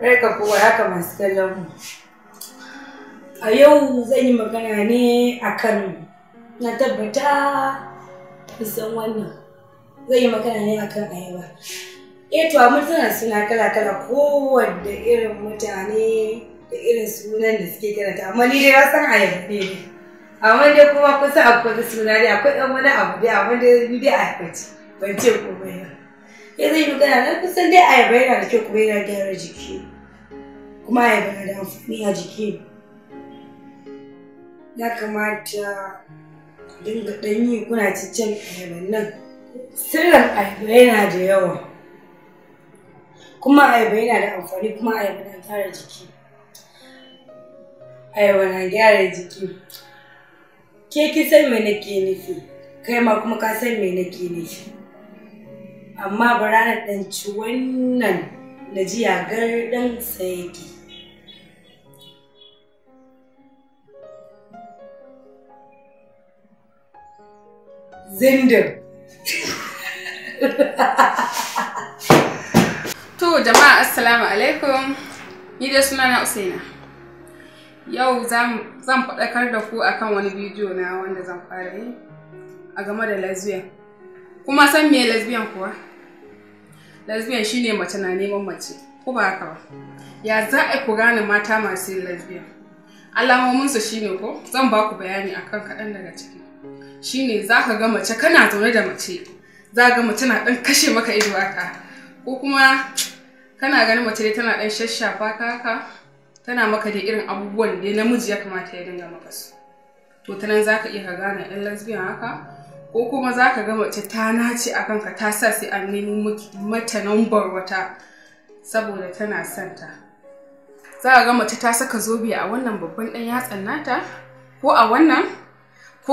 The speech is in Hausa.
Barka kowa haka masu kallon mu. A yau zan yi magana ne a kan na tabbata kusan wannan. Zan yi magana ne a kan ayaba. Eh to mutane suna kala-kala kowanne irin mutane da irin sunan da suke karanta amma ni dai na san ayaba ne. Amma dai kuma kusa akwai suna dai akwai ɗan wani abu dai amma dai ni dai ayaba ce ban ce komai ba. ya zai magana na kusan dai ayaba yana da kyau kuma yana gyara jiki kuma ayaba na da amfani a jiki ya kamata ku dinga ɗan yi kuna cicin ayaban nan sirrin ayaba yana da yawa kuma ayaba yana da amfani kuma ayaba na gyara jiki ayaba na gyara jiki ke kisan mai nake nufi kai ma kuma ka san mai nake nufi amma bara na ɗanci wannan na ji yagar ɗan sayaki. Zindin. To jama'a assalamu alaikum ni da sunana Usaina. Yau zan faɗakar da ku akan wani bidiyo na wanda zan fara yi a game da lesbian. Kuma san me lesbian kuwa? lesbian shine mace na neman mace ko ba haka ba ya za a ku gane mata masu yin lesbian shi shine ko zan ba ku bayani akan kaɗan daga ciki shine za ka ga mace kana zaune da mace za ga mace na ɗan kashe maka ido haka ko kuma kana ganin mace dai tana ɗan shashafa ka haka tana maka da irin abubuwan da namiji ya kamata ya dinga maka su to ta nan za ka iya ka gane 'yan lesbian haka ko kuma za ka ga mace ta nace a kanka ta sa sai an nemi mata nambar wata saboda tana son ta za ka ga mace ta saka zobe a wannan babban ɗan yatsan nata ko a wannan